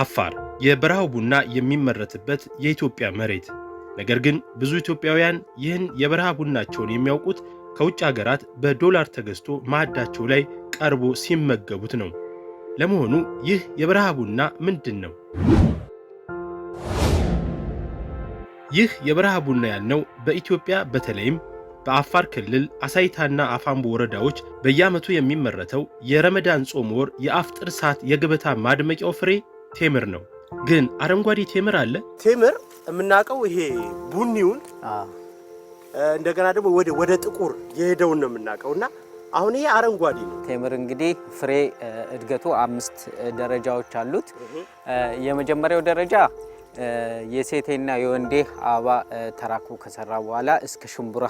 አፋር የበረሃው ቡና የሚመረትበት የኢትዮጵያ መሬት። ነገር ግን ብዙ ኢትዮጵያውያን ይህን የበረሃ ቡናቸውን የሚያውቁት ከውጭ ሀገራት በዶላር ተገዝቶ ማዕዳቸው ላይ ቀርቦ ሲመገቡት ነው። ለመሆኑ ይህ የበረሃ ቡና ምንድን ነው? ይህ የበረሃ ቡና ያልነው በኢትዮጵያ በተለይም በአፋር ክልል አሳይታና አፋምቦ ወረዳዎች በየዓመቱ የሚመረተው የረመዳን ጾም ወር የአፍጥር ሰዓት የገበታ ማድመቂያው ፍሬ ቴምር ነው። ግን አረንጓዴ ቴምር አለ። ቴምር የምናውቀው ይሄ ቡኒውን እንደገና ደግሞ ወደ ወደ ጥቁር የሄደውን ነው የምናውቀው እና አሁን ይሄ አረንጓዴ ነው። ቴምር እንግዲህ ፍሬ እድገቱ አምስት ደረጃዎች አሉት። የመጀመሪያው ደረጃ የሴቴና የወንዴ አበባ ተራክቦ ከሰራ በኋላ እስከ ሽምቡራ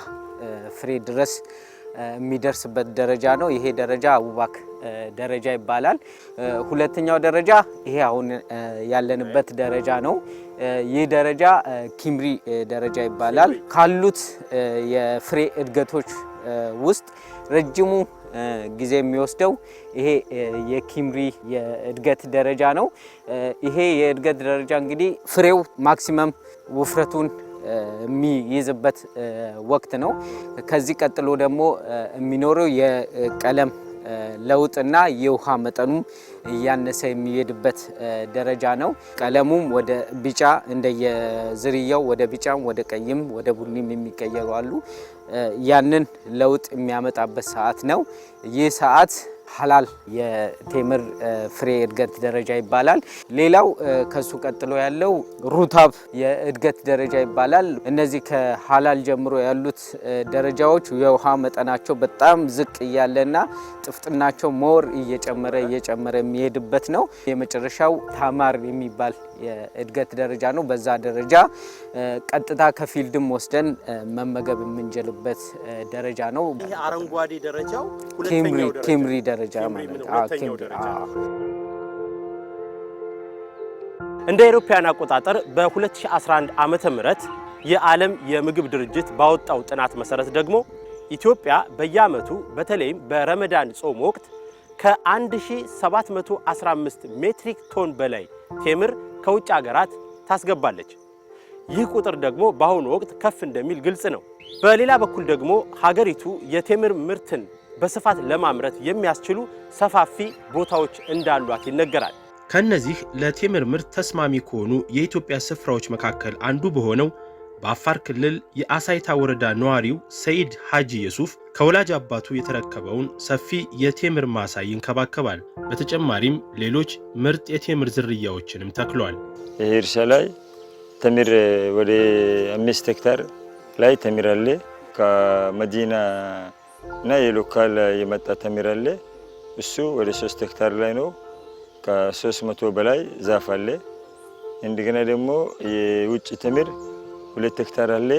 ፍሬ ድረስ የሚደርስበት ደረጃ ነው። ይሄ ደረጃ አቡባክ ደረጃ ይባላል። ሁለተኛው ደረጃ ይሄ አሁን ያለንበት ደረጃ ነው። ይህ ደረጃ ኪምሪ ደረጃ ይባላል። ካሉት የፍሬ እድገቶች ውስጥ ረጅሙ ጊዜ የሚወስደው ይሄ የኪምሪ የእድገት ደረጃ ነው። ይሄ የእድገት ደረጃ እንግዲህ ፍሬው ማክሲመም ውፍረቱን የሚይዝበት ወቅት ነው። ከዚህ ቀጥሎ ደግሞ የሚኖረው የቀለም ለውጥና የውሃ መጠኑም እያነሰ የሚሄድበት ደረጃ ነው። ቀለሙም ወደ ቢጫ እንደየዝርያው ወደ ቢጫም ወደ ቀይም ወደ ቡኒም የሚቀየሩ አሉ። ያንን ለውጥ የሚያመጣበት ሰዓት ነው። ይህ ሰዓት ሀላል የቴምር ፍሬ እድገት ደረጃ ይባላል። ሌላው ከሱ ቀጥሎ ያለው ሩታብ የእድገት ደረጃ ይባላል። እነዚህ ከሀላል ጀምሮ ያሉት ደረጃዎች የውሃ መጠናቸው በጣም ዝቅ እያለና ጥፍጥናቸው ሞር እየጨመረ እየጨመረ የሚሄድበት ነው። የመጨረሻው ታማር የሚባል የእድገት ደረጃ ነው። በዛ ደረጃ ቀጥታ ከፊልድም ወስደን መመገብ የምንጀልበት ደረጃ ነው። አረንጓዴ ደረጃው ቴምሪ ደረጃ ማለት እንደ አውሮፓውያን አቆጣጠር በ2011 ዓመተ ምህረት የዓለም የምግብ ድርጅት ባወጣው ጥናት መሰረት ደግሞ ኢትዮጵያ በየዓመቱ በተለይም በረመዳን ጾም ወቅት ከ1715 ሜትሪክ ቶን በላይ ቴምር ከውጭ ሀገራት ታስገባለች። ይህ ቁጥር ደግሞ በአሁኑ ወቅት ከፍ እንደሚል ግልጽ ነው። በሌላ በኩል ደግሞ ሀገሪቱ የቴምር ምርትን በስፋት ለማምረት የሚያስችሉ ሰፋፊ ቦታዎች እንዳሏት ይነገራል። ከእነዚህ ለቴምር ምርት ተስማሚ ከሆኑ የኢትዮጵያ ስፍራዎች መካከል አንዱ በሆነው በአፋር ክልል የአሳይታ ወረዳ ነዋሪው ሰይድ ሐጂ የሱፍ ከወላጅ አባቱ የተረከበውን ሰፊ የቴምር ማሳ ይንከባከባል። በተጨማሪም ሌሎች ምርጥ የቴምር ዝርያዎችንም ተክሏል። ይህ እርሻ ላይ ተምር ወደ አምስት ሄክታር ላይ ተምር አለ ከመዲና እና የሎካል የመጣ ተምር አለ። እሱ ወደ ሶስት ሄክታር ላይ ነው። ከሶስት መቶ በላይ ዛፍ አለ። እንደገና ደግሞ የውጭ ተምር ሁለት ሄክታር አለ።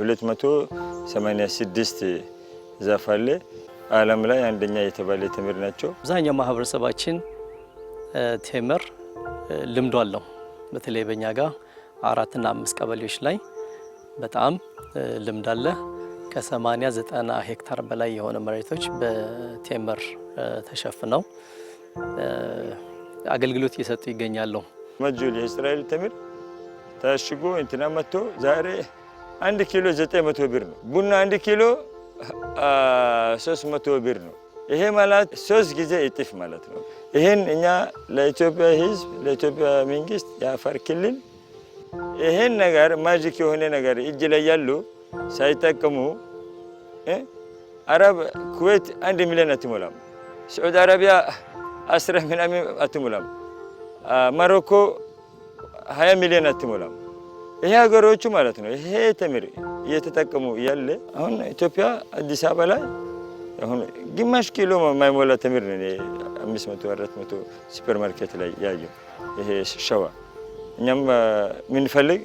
ሁለት መቶ ሰማንያ ስድስት ዛፍ አለ። ዓለም ላይ አንደኛ የተባለ ተምር ናቸው። አብዛኛው ማህበረሰባችን ቴምር ልምዶ አለው። በተለይ በእኛ ጋር አራትና አምስት ቀበሌዎች ላይ በጣም ልምድ አለ። ከ80 90 ሄክታር በላይ የሆነ መሬቶች በቴምር ተሸፍነው አገልግሎት እየሰጡ ይገኛሉ። መጁ የእስራኤል ተምር ታሽጎ እንትና መጥቶ ዛሬ አንድ ኪሎ 900 ብር ነው። ቡና አንድ ኪሎ 300 ብር ነው። ይሄ ማለት ሶስት ጊዜ እጥፍ ማለት ነው። ይህን እኛ ለኢትዮጵያ ሕዝብ ለኢትዮጵያ መንግስት የአፋር ክልል ይህን ነገር ማጂክ የሆነ ነገር እጅ ላይ ያሉ ሳይጠቀሙ አረብ ኩዌት አንድ ሚሊዮን አትሞላም። ሳዑዲ አረቢያ አስራ ምናምን አትሞላም። ማሮኮ ሀያ ሚሊዮን አትሞላም። ይሄ ሀገሮቹ ማለት ነው። ይሄ ተምር እየተጠቀሙ ያለ አሁን ኢትዮጵያ አዲስ አበባ ላይ አሁን ግማሽ ኪሎ የማይሞላ ተምር ነው አምስት መቶ አራት መቶ ሱፐር ማርኬት ላይ ያየው ይሄ ሸዋ እኛም የምንፈልግ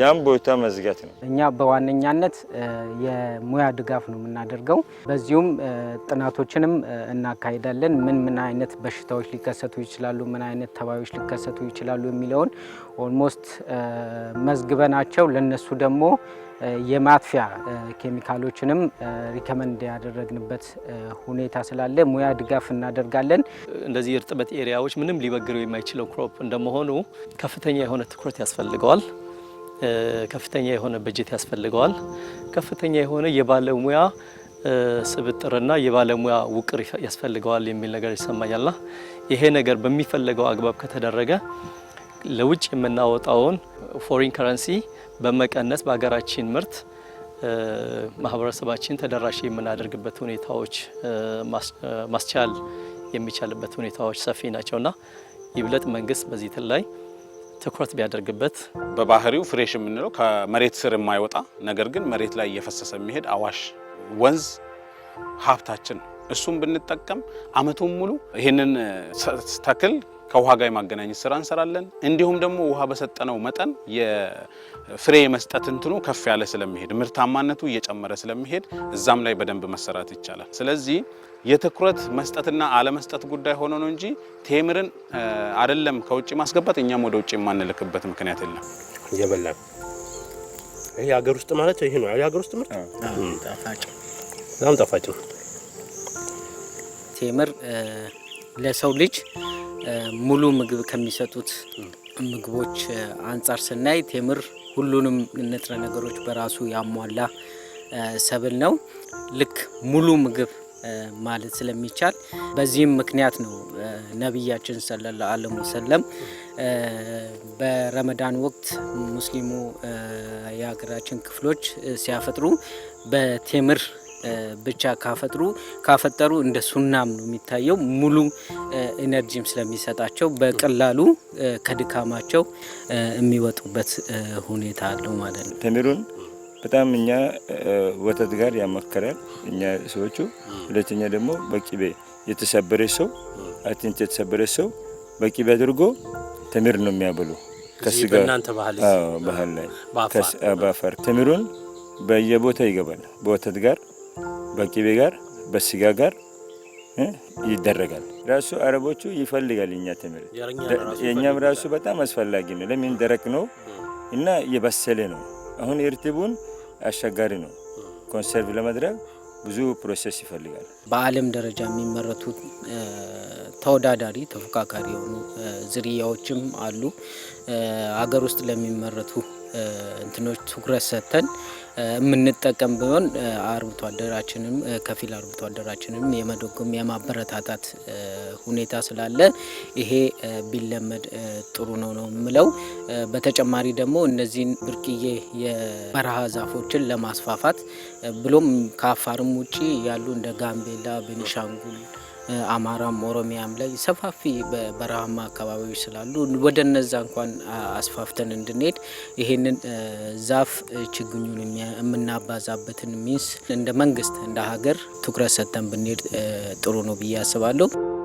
ያም ቦታ መዝጋት ነው። እኛ በዋነኛነት የሙያ ድጋፍ ነው የምናደርገው። በዚሁም ጥናቶችንም እናካሂዳለን። ምን ምን አይነት በሽታዎች ሊከሰቱ ይችላሉ፣ ምን አይነት ተባዮች ሊከሰቱ ይችላሉ የሚለውን ኦልሞስት መዝግበናቸው ለነሱ ደግሞ የማጥፊያ ኬሚካሎችንም ሪከመንድ ያደረግንበት ሁኔታ ስላለ ሙያ ድጋፍ እናደርጋለን። እንደዚህ የእርጥበት ኤሪያዎች ምንም ሊበግረው የማይችለው ክሮፕ እንደመሆኑ ከፍተኛ የሆነ ትኩረት ያስፈልገዋል። ከፍተኛ የሆነ በጀት ያስፈልገዋል። ከፍተኛ የሆነ የባለሙያ ስብጥርና የባለሙያ ውቅር ያስፈልገዋል የሚል ነገር ይሰማኛልና ይሄ ነገር በሚፈለገው አግባብ ከተደረገ ለውጭ የምናወጣውን ፎሪን ከረንሲ በመቀነስ በሀገራችን ምርት ማህበረሰባችን ተደራሽ የምናደርግበት ሁኔታዎች ማስቻል የሚቻልበት ሁኔታዎች ሰፊ ናቸውና ይብለጥ መንግስት በዚህ ላይ ትኩረት ቢያደርግበት በባህሪው ፍሬሽ የምንለው ከመሬት ስር የማይወጣ ነገር ግን መሬት ላይ እየፈሰሰ የሚሄድ አዋሽ ወንዝ ሀብታችን፣ እሱም ብንጠቀም አመቱን ሙሉ ይህንን ተክል ከውሃ ጋር የማገናኘት ስራ እንሰራለን። እንዲሁም ደግሞ ውሃ በሰጠነው መጠን የፍሬ የመስጠት እንትኑ ከፍ ያለ ስለሚሄድ ምርታማነቱ እየጨመረ ስለሚሄድ እዛም ላይ በደንብ መሰራት ይቻላል። ስለዚህ የትኩረት መስጠትና አለመስጠት ጉዳይ ሆኖ ነው እንጂ ቴምርን አይደለም ከውጭ ማስገባት እኛም ወደ ውጭ የማንልክበት ምክንያት የለም። እየበላን ይሄ ሀገር ውስጥ ማለት ይሄ ነው የሀገር ውስጥ ምርት በጣም ጣፋጭ ነው። ቴምር ለሰው ልጅ ሙሉ ምግብ ከሚሰጡት ምግቦች አንጻር ስናይ ቴምር ሁሉንም ንጥረ ነገሮች በራሱ ያሟላ ሰብል ነው። ልክ ሙሉ ምግብ ማለት ስለሚቻል በዚህም ምክንያት ነው ነቢያችን ሰለላሁ ዐለይሂ ወሰለም በረመዳን ወቅት ሙስሊሙ የሀገራችን ክፍሎች ሲያፈጥሩ በቴምር ብቻ ካፈጥሩ ካፈጠሩ እንደ ሱናም ነው የሚታየው። ሙሉ ኢነርጂም ስለሚሰጣቸው በቀላሉ ከድካማቸው የሚወጡበት ሁኔታ አለው ማለት ነው። በጣም እኛ ወተት ጋር ያመከራል እኛ ሰዎቹ። ሁለተኛ ደግሞ በቂቤ የተሰበረ ሰው አጥንት የተሰበረ ሰው በቂቤ አድርጎ ተምር ነው የሚያበሉ ከስጋ ባህል ላይ በአፋር ተምሩን በየቦታ ይገባል። በወተት ጋር በቂቤ ጋር በስጋ ጋር ይደረጋል። ራሱ አረቦቹ ይፈልጋል እኛ ተምር የእኛም ራሱ በጣም አስፈላጊ ነው። ለምን ደረቅ ነው እና የበሰለ ነው። አሁን እርጥቡን አስቸጋሪ ነው። ኮንሰርቭ ለመድረግ ብዙ ፕሮሴስ ይፈልጋል። በዓለም ደረጃ የሚመረቱ ተወዳዳሪ ተፎካካሪ የሆኑ ዝርያዎችም አሉ። አገር ውስጥ ለሚመረቱ እንትኖች ትኩረት ሰጥተን የምንጠቀም ቢሆን አርብቶ አደራችንም ከፊል አርብቶ አደራችንም የመደጎም የማበረታታት ሁኔታ ስላለ ይሄ ቢለመድ ጥሩ ነው ነው የምለው። በተጨማሪ ደግሞ እነዚህን ብርቅዬ የበረሃ ዛፎችን ለማስፋፋት ብሎም ከአፋርም ውጭ ያሉ እንደ ጋምቤ ጋምቤላ፣ ቤኒሻንጉል አማራም ኦሮሚያም ላይ ሰፋፊ በረሃማ አካባቢዎች ስላሉ ወደ እነዛ እንኳን አስፋፍተን እንድንሄድ ይሄንን ዛፍ ችግኙን የምናባዛበትን ሚንስ እንደ መንግስት እንደ ሀገር ትኩረት ሰጥተን ብንሄድ ጥሩ ነው ብዬ አስባለሁ።